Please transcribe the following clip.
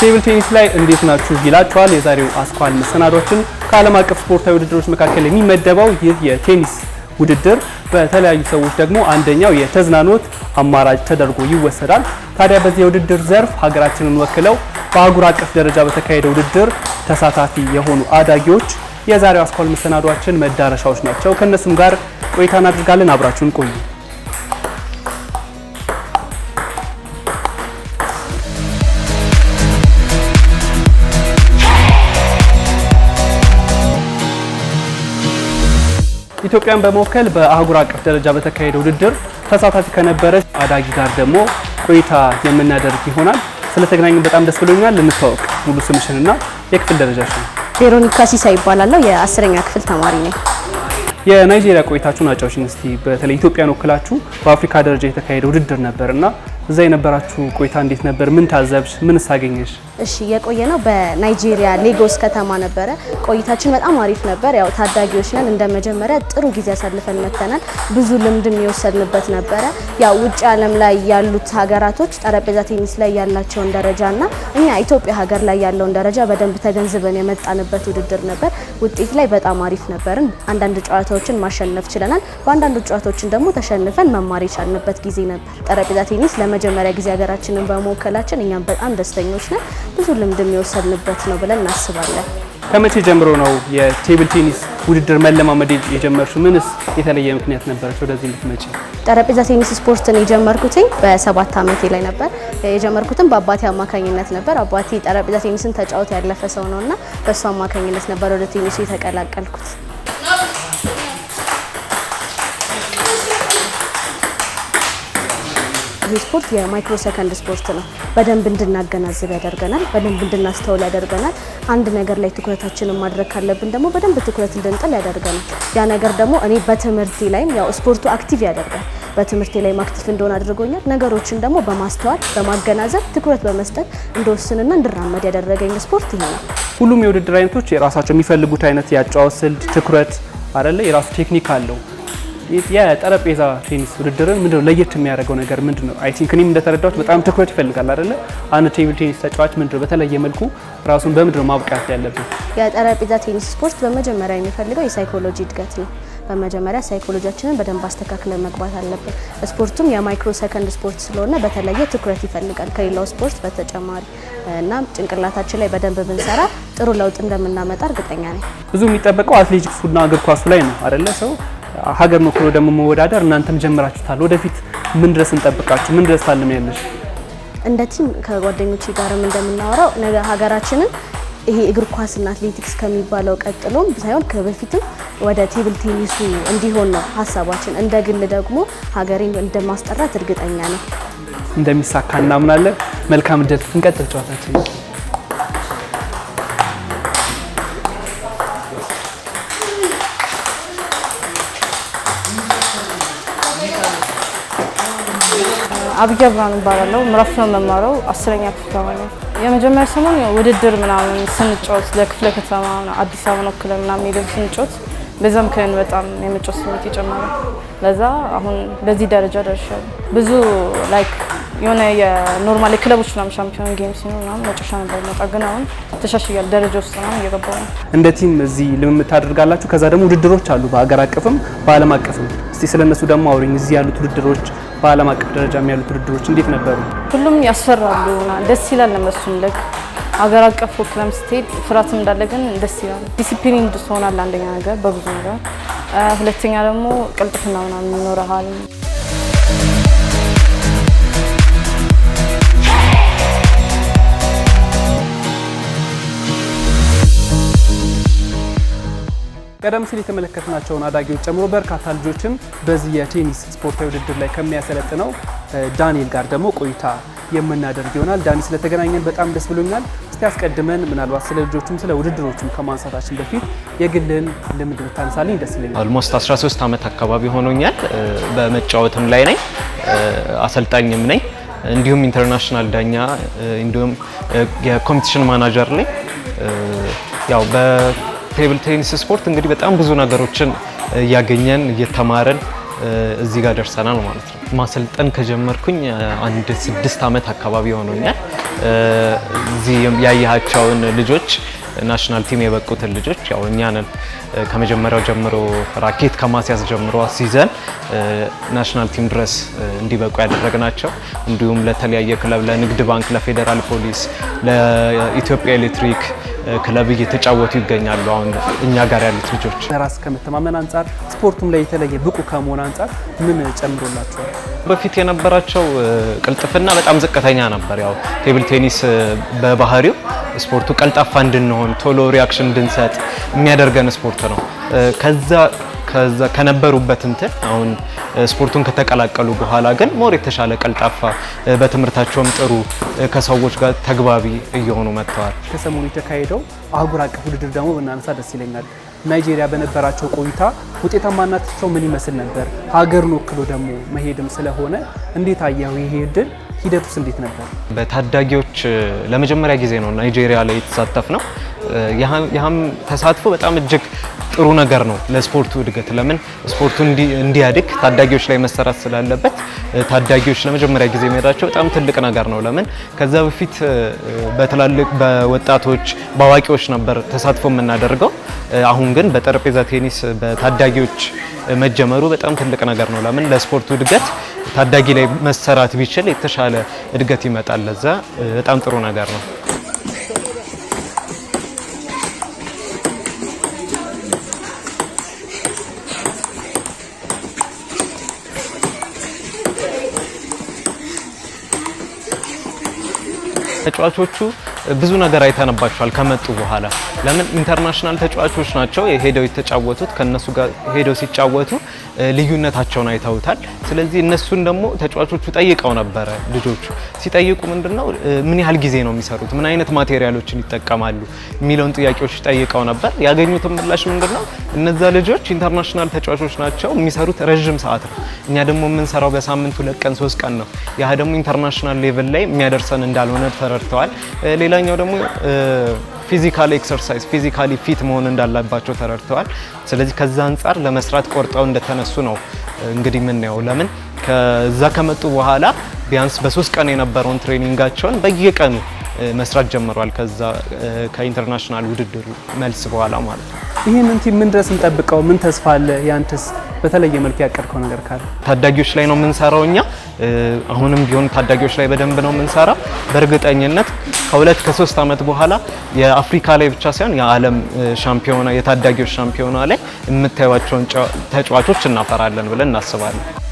ቴብል ቴኒስ ላይ እንዴት ናችሁ ይላችኋል። የዛሬው አስኳል መሰናዶችን ከዓለም አቀፍ ስፖርታዊ ውድድሮች መካከል የሚመደበው ይህ የቴኒስ ውድድር በተለያዩ ሰዎች ደግሞ አንደኛው የተዝናኖት አማራጭ ተደርጎ ይወሰዳል። ታዲያ በዚህ የውድድር ዘርፍ ሀገራችንን ወክለው በአህጉር አቀፍ ደረጃ በተካሄደ ውድድር ተሳታፊ የሆኑ አዳጊዎች የዛሬው አስኳል መሰናዷችን መዳረሻዎች ናቸው። ከእነሱም ጋር ቆይታ እናደርጋለን አብራችሁን ቆዩ። ኢትዮጵያን በመወከል በአህጉር አቀፍ ደረጃ በተካሄደ ውድድር ተሳታፊ ከነበረ አዳጊ ጋር ደግሞ ቆይታ የምናደርግ ይሆናል። ስለተገናኙ በጣም ደስ ብሎኛል። ልንተዋወቅ ሙሉ ስምሽንና የክፍል ነው? ቬሮኒካ ሲሳ ይባላለሁ። የአስረኛ ክፍል ተማሪ ነኝ። የናይጄሪያ ቆይታችሁን አጫውሽን እስቲ። በተለይ ኢትዮጵያን ወክላችሁ በአፍሪካ ደረጃ የተካሄደ ውድድር እና እዛ የነበራችሁ ቆይታ እንዴት ነበር? ምን ታዘብሽ? ምንስ አገኘሽ? እሺ የቆየ ነው በናይጄሪያ ሌጎስ ከተማ ነበረ። ቆይታችን በጣም አሪፍ ነበር። ያው ታዳጊዎች ነን፣ እንደ መጀመሪያ ጥሩ ጊዜ አሳልፈን መተናል። ብዙ ልምድም የወሰድንበት ነበረ። ያው ውጭ ዓለም ላይ ያሉት ሀገራቶች ጠረጴዛ ቴኒስ ላይ ያላቸውን ደረጃ ደረጃና እኛ ኢትዮጵያ ሀገር ላይ ያለውን ደረጃ በደንብ ተገንዝበን የመጣንበት ውድድር ነበር። ውጤት ላይ በጣም አሪፍ ነበርን። አንዳንድ ጨዋታዎችን ማሸነፍ ችለናል። በአንዳንዱ ጨዋታዎችን ደግሞ ተሸንፈን መማር የቻልንበት ጊዜ ነበር። ጠረጴዛ ቴኒስ ለመጀመሪያ ጊዜ ሀገራችንን በመወከላችን እኛም በጣም ደስተኞች ነን። ብዙ ልምድ የሚወሰድንበት ነው ብለን እናስባለን። ከመቼ ጀምሮ ነው የቴብል ቴኒስ ውድድር መለማመድ የጀመርሽው? ምንስ የተለየ ምክንያት ነበረች ወደዚህ እንድትመጪ? ጠረጴዛ ቴኒስ ስፖርትን የጀመርኩትኝ በሰባት ዓመቴ ላይ ነበር። የጀመርኩትም በአባቴ አማካኝነት ነበር። አባቴ ጠረጴዛ ቴኒስን ተጫውቶ ያለፈ ሰው ነው እና በእሱ አማካኝነት ነበር ወደ ቴኒሱ የተቀላቀልኩት። ይህ ስፖርት የማይክሮ ሰከንድ ስፖርት ነው። በደንብ እንድናገናዝብ ያደርገናል። በደንብ እንድናስተውል ያደርገናል። አንድ ነገር ላይ ትኩረታችንን ማድረግ ካለብን ደግሞ በደንብ ትኩረት እንድንጥል ያደርገናል። ያ ነገር ደግሞ እኔ በትምህርቴ ላይም ያው ስፖርቱ አክቲቭ ያደርጋል። በትምህርቴ ላይ አክቲቭ እንደሆነ አድርጎኛል። ነገሮችን ደግሞ በማስተዋል በማገናዘብ ትኩረት በመስጠት እንደወስንና እንድራመድ ያደረገኝ ስፖርት ይሄ ነው። ሁሉም የውድድር አይነቶች የራሳቸው የሚፈልጉት አይነት ያጫወት ስልት፣ ትኩረት አለ የራሱ ቴክኒክ አለው። የጠረጴዛ ቴኒስ ውድድርን ምንድነው ለየት የሚያደርገው ነገር ምንድነው? አይ ቲንክ እኔም እንደተረዳሁት በጣም ትኩረት ይፈልጋል አይደለ? አንድ ቴብል ቴኒስ ተጫዋች ምንድነው በተለየ መልኩ ራሱን በምንድነው ማብቃት ያለብን? የጠረጴዛ ቴኒስ ስፖርት በመጀመሪያ የሚፈልገው የሳይኮሎጂ እድገት ነው። በመጀመሪያ ሳይኮሎጂያችንን በደንብ አስተካክለን መግባት አለብን። ስፖርቱም የማይክሮ ሰከንድ ስፖርት ስለሆነ በተለየ ትኩረት ይፈልጋል ከሌላው ስፖርት በተጨማሪ እና ጭንቅላታችን ላይ በደንብ ብንሰራ ጥሩ ለውጥ እንደምናመጣ እርግጠኛ ነኝ። ብዙ የሚጠበቀው አትሌቲክሱና እግር ኳሱ ላይ ነው አደለ ሰው ሀገር መክሎ ደግሞ መወዳደር እናንተም ጀምራችሁታል። ወደፊት ምን ድረስ እንጠብቃችሁ? ምን ድረስ ታልም ያለሽ? እንደ ቲም ከጓደኞች ጋርም እንደምናወራው ነገ ሀገራችንን ይሄ እግር ኳስና አትሌቲክስ ከሚባለው ቀጥሎም ሳይሆን ከበፊትም ወደ ቴብል ቴኒሱ እንዲሆን ነው ሀሳባችን። እንደ ግል ደግሞ ሀገሬን እንደማስጠራት እርግጠኛ ነው እንደሚሳካ እናምናለን። መልካም እድል። እንቀጥል ጨዋታችን አብያ ብርሃን እባላለሁ። ምዕራፍ ነው የምማረው። አስረኛ ክፍል ተማሪ ነው። የመጀመሪያ ሰሞን ውድድር ምናምን ስንጫወት ለክፍለ ከተማ አዲስ አበባን ወክለን ምናምን ሄደን ስንጫወት በዛ ምክንያት በጣም የመጫወት ስሜት የጨመረ ለዛ አሁን በዚህ ደረጃ ደርሻለሁ። ብዙ ላይክ የሆነ የኖርማል የክለቦች ምናምን ሻምፒዮን ጌም ሲኖር ምናምን መጫወሻ ነበር መጣ። ግን አሁን ተሻሽያል ደረጃ ውስጥ ነው እየገባው ነው። እንደ ቲም እዚህ ልምምድ ታደርጋላችሁ። ከዛ ደግሞ ውድድሮች አሉ በሀገር አቀፍም በዓለም አቀፍም። እስቲ ስለነሱ ደግሞ አውሪኝ። እዚህ ያሉት ውድድሮች በዓለም አቀፍ ደረጃ ያሉት ውድድሮች እንዴት ነበሩ? ሁሉም ያስፈራሉ፣ ደስ ይላል። ለመሱ ልክ ሀገር አቀፍ ወክለም ስትሄድ ፍርሃትም እንዳለ ግን ደስ ይላል። ዲሲፕሊን እንድትሆናል አንደኛ ነገር በብዙ ነገር፣ ሁለተኛ ደግሞ ቅልጥፍና ምናምን ይኖረሃል። ቀደም ሲል የተመለከትናቸውን አዳጊዎች ጨምሮ በርካታ ልጆችን በዚህ የቴኒስ ስፖርታዊ ውድድር ላይ ከሚያሰለጥነው ዳንኤል ጋር ደግሞ ቆይታ የምናደርግ ይሆናል። ዳኒ ስለተገናኘን በጣም ደስ ብሎኛል። እስቲ ያስቀድመን ምናልባት ስለ ልጆቹም ስለ ውድድሮቹም ከማንሳታችን በፊት የግልን ልምድ ብታነሳልኝ ደስ ይለኛል። አልሞስት 13 ዓመት አካባቢ ሆኖኛል። በመጫወትም ላይ ነኝ፣ አሰልጣኝም ነኝ፣ እንዲሁም ኢንተርናሽናል ዳኛ እንዲሁም የኮምፒቲሽን ማናጀር ላይ ያው ቴብል ቴኒስ ስፖርት እንግዲህ በጣም ብዙ ነገሮችን እያገኘን እየተማረን እዚህ ጋር ደርሰናል ማለት ነው። ማሰልጠን ከጀመርኩኝ አንድ ስድስት ዓመት አካባቢ ሆኖኛል። እዚህ ያየሃቸውን ልጆች ናሽናል ቲም የበቁትን ልጆች ያው እኛንን ከመጀመሪያው ጀምሮ ራኬት ከማስያዝ ጀምሮ ሲዘን ናሽናል ቲም ድረስ እንዲበቁ ያደረግናቸው እንዲሁም ለተለያየ ክለብ ለንግድ ባንክ፣ ለፌዴራል ፖሊስ፣ ለኢትዮጵያ ኤሌክትሪክ ክለብ እየተጫወቱ ይገኛሉ። አሁን እኛ ጋር ያሉት ልጆች ራስ ከመተማመን አንጻር ስፖርቱም ላይ የተለየ ብቁ ከመሆን አንጻር ምን ጨምሮላቸዋል? በፊት የነበራቸው ቅልጥፍና በጣም ዝቅተኛ ነበር። ያው ቴብል ቴኒስ በባህሪው ስፖርቱ ቀልጣፋ እንድንሆን ቶሎ ሪያክሽን እንድንሰጥ የሚያደርገን ስፖርት ነው። ከዛ ከነበሩበት እንትን አሁን ስፖርቱን ከተቀላቀሉ በኋላ ግን ሞር የተሻለ ቀልጣፋ፣ በትምህርታቸውም ጥሩ ከሰዎች ጋር ተግባቢ እየሆኑ መጥተዋል። ከሰሞኑ የተካሄደው አህጉር አቀፍ ውድድር ደግሞ ብናነሳ ደስ ይለኛል። ናይጄሪያ በነበራቸው ቆይታ ውጤታማነታቸው ምን ይመስል ነበር? ሀገርን ወክሎ ደግሞ መሄድም ስለሆነ እንዴት አየሁ ይሄ ድል ሂደቱስ እንዴት ነበር? በታዳጊዎች ለመጀመሪያ ጊዜ ነው ናይጄሪያ ላይ የተሳተፍ ነው። ተሳትፎ በጣም እጅግ ጥሩ ነገር ነው ለስፖርቱ እድገት። ለምን ስፖርቱ እንዲያድግ ታዳጊዎች ላይ መሰራት ስላለበት ታዳጊዎች ለመጀመሪያ ጊዜ መሄዳቸው በጣም ትልቅ ነገር ነው። ለምን ከዛ በፊት በትላልቅ በወጣቶች በአዋቂዎች ነበር ተሳትፎ የምናደርገው። አሁን ግን በጠረጴዛ ቴኒስ በታዳጊዎች መጀመሩ በጣም ትልቅ ነገር ነው። ለምን ለስፖርቱ እድገት ታዳጊ ላይ መሰራት ቢችል የተሻለ እድገት ይመጣል። ለዛ በጣም ጥሩ ነገር ነው። ተጫዋቾቹ ብዙ ነገር አይተንባቸዋል ከመጡ በኋላ። ለምን ኢንተርናሽናል ተጫዋቾች ናቸው ሄደው የተጫወቱት። ከነሱ ጋር ሄደው ሲጫወቱ ልዩነታቸውን አይተውታል። ስለዚህ እነሱን ደግሞ ተጫዋቾቹ ጠይቀው ነበረ። ልጆቹ ሲጠይቁ ምንድነው ምን ያህል ጊዜ ነው የሚሰሩት፣ ምን አይነት ማቴሪያሎችን ይጠቀማሉ የሚለውን ጥያቄዎች ጠይቀው ነበር። ያገኙትን ምላሽ ምንድነው እነዛ ልጆች ኢንተርናሽናል ተጫዋቾች ናቸው፣ የሚሰሩት ረዥም ሰዓት ነው። እኛ ደግሞ የምንሰራው በሳምንት ሁለት ቀን ሶስት ቀን ነው። ያህ ደግሞ ኢንተርናሽናል ሌቭል ላይ የሚያደርሰን እንዳልሆነ ተረድተዋል። ሌላ ሌላኛው ደግሞ ፊዚካል ኤክሰርሳይዝ ፊዚካሊ ፊት መሆን እንዳለባቸው ተረድተዋል። ስለዚህ ከዛ አንጻር ለመስራት ቆርጠው እንደተነሱ ነው እንግዲህ የምናየው። ለምን ከዛ ከመጡ በኋላ ቢያንስ በሶስት ቀን የነበረውን ትሬኒንጋቸውን በየቀኑ መስራት ጀምሯል። ከዛ ከኢንተርናሽናል ውድድሩ መልስ በኋላ ማለት ነው። ይህን እንቲ ምን ድረስ እንጠብቀው? ምን ተስፋ አለ? ያንተስ በተለየ መልክ ያቀድከው ነገር ካለ? ታዳጊዎች ላይ ነው የምንሰራው እኛ አሁንም ቢሆን ታዳጊዎች ላይ በደንብ ነው የምንሰራው በእርግጠኝነት ከሁለት ከሶስት ዓመት በኋላ የአፍሪካ ላይ ብቻ ሳይሆን የዓለም ሻምፒዮና የታዳጊዎች ሻምፒዮና ላይ የምታዩቸውን ተጫዋቾች እናፈራለን ብለን እናስባለን።